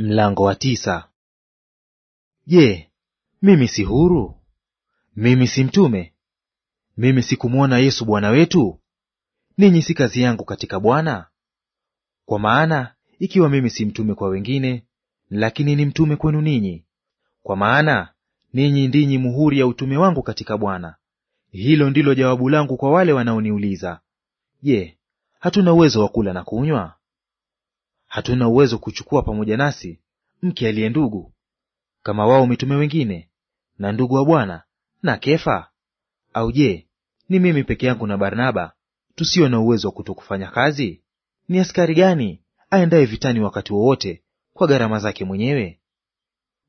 Mlango wa tisa. Je, mimi si huru? Mimi si mtume? Mimi sikumwona Yesu Bwana wetu? Ninyi si kazi yangu katika Bwana? Kwa maana ikiwa mimi si mtume kwa wengine, lakini ni mtume kwenu ninyi, kwa maana ninyi ndinyi muhuri ya utume wangu katika Bwana. Hilo ndilo jawabu langu kwa wale wanaoniuliza, je, hatuna uwezo wa kula na kunywa? hatuna uwezo kuchukua pamoja nasi mke aliye ndugu kama wao mitume wengine na ndugu wa Bwana na Kefa? Au je, ni mimi peke yangu na Barnaba tusio na uwezo wa kutokufanya kazi? Ni askari gani aendaye vitani wakati wowote kwa gharama zake mwenyewe?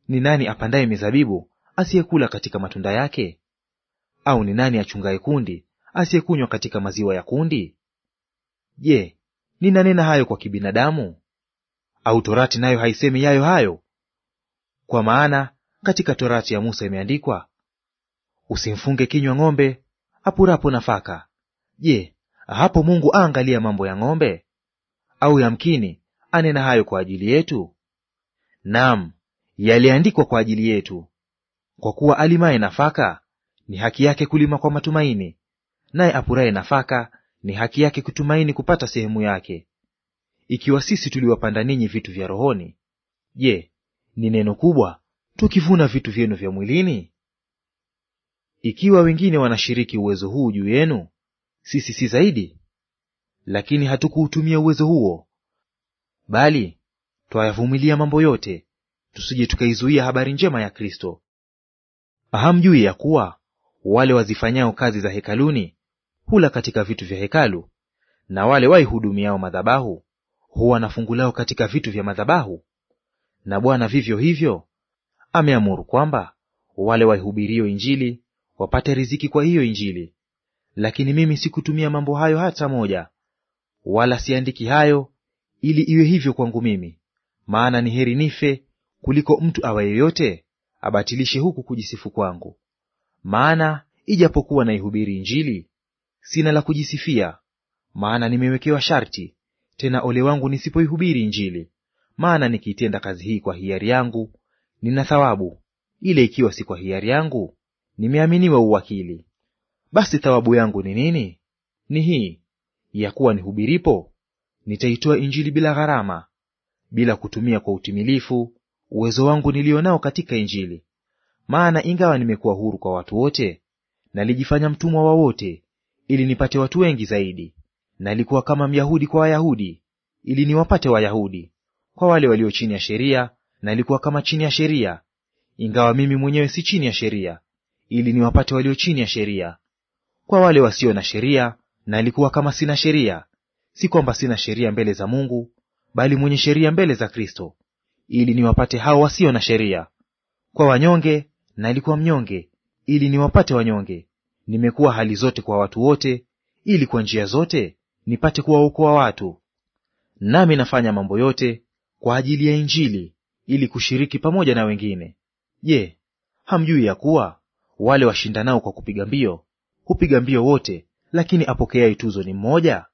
Ni nani apandaye mizabibu asiyekula katika matunda yake? Au ni nani achungaye kundi asiyekunywa katika maziwa ya kundi? Je, ninanena hayo kwa kibinadamu? Au torati nayo haisemi yayo hayo? Kwa maana katika torati ya Musa imeandikwa, usimfunge kinywa ng'ombe apurapo nafaka. Je, hapo Mungu aangalia mambo ya ng'ombe? Au yamkini anena hayo kwa ajili yetu? Naam, yaliandikwa kwa ajili yetu, kwa kuwa alimaye nafaka ni haki yake kulima kwa matumaini, naye apuraye nafaka ni haki yake kutumaini kupata sehemu yake. Ikiwa sisi tuliwapanda ninyi vitu vya rohoni, je, ni neno kubwa tukivuna vitu vyenu vya mwilini? Ikiwa wengine wanashiriki uwezo huu juu yenu, sisi si zaidi? Lakini hatukuutumia uwezo huo, bali twayavumilia mambo yote, tusije tukaizuia habari njema ya Kristo. Hamjui ya kuwa wale wazifanyao kazi za hekaluni hula katika vitu vya hekalu, na wale waihudumiao madhabahu huwa na fungu lao katika vitu vya madhabahu, na Bwana vivyo hivyo ameamuru kwamba wale waihubirio Injili wapate riziki kwa hiyo Injili. Lakini mimi sikutumia mambo hayo hata moja, wala siandiki hayo ili iwe hivyo kwangu mimi. Maana ni heri nife kuliko mtu awa yeyote abatilishe huku kujisifu kwangu. Maana ijapokuwa naihubiri Injili, sina la kujisifia, maana nimewekewa sharti tena ole wangu nisipoihubiri Injili! Maana nikiitenda kazi hii kwa hiari yangu, nina thawabu; ile ikiwa si kwa hiari yangu, nimeaminiwa uwakili. Basi thawabu yangu ni nini? Ni hii ya kuwa nihubiripo, nitaitoa Injili bila gharama, bila kutumia kwa utimilifu uwezo wangu nilio nao katika Injili. Maana ingawa nimekuwa huru kwa watu wote, nalijifanya mtumwa wa wote, ili nipate watu wengi zaidi nalikuwa kama Myahudi kwa Wayahudi, ili niwapate Wayahudi; kwa wale walio chini ya sheria nalikuwa kama chini ya sheria, ingawa mimi mwenyewe si chini ya sheria, ili niwapate walio chini ya sheria; kwa wale wasio na sheria nalikuwa kama sina sheria, si kwamba sina sheria mbele za Mungu, bali mwenye sheria mbele za Kristo, ili niwapate hao wasio na sheria. Kwa wanyonge nalikuwa mnyonge, ili niwapate wanyonge. Nimekuwa hali zote kwa watu wote, ili kwa njia zote nipate kuwaokoa watu. Nami nafanya mambo yote kwa ajili ya Injili, ili kushiriki pamoja na wengine. Je, hamjui ya kuwa wale washindanao kwa kupiga mbio hupiga mbio wote, lakini apokeaye tuzo ni mmoja?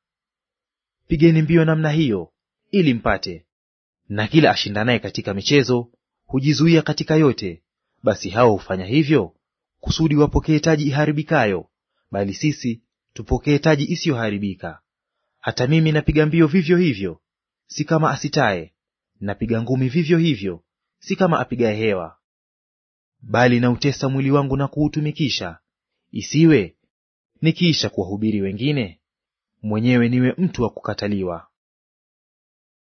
Pigeni mbio namna hiyo ili mpate. Na kila ashindanaye katika michezo hujizuia katika yote. Basi hao hufanya hivyo kusudi wapokee taji iharibikayo, bali sisi tupokee taji isiyoharibika. Hata mimi napiga mbio vivyo hivyo, si kama asitaye; napiga ngumi vivyo hivyo, si kama apigaye hewa. Bali nautesa mwili wangu na kuutumikisha, isiwe nikiisha kuwahubiri wengine, mwenyewe niwe mtu wa kukataliwa.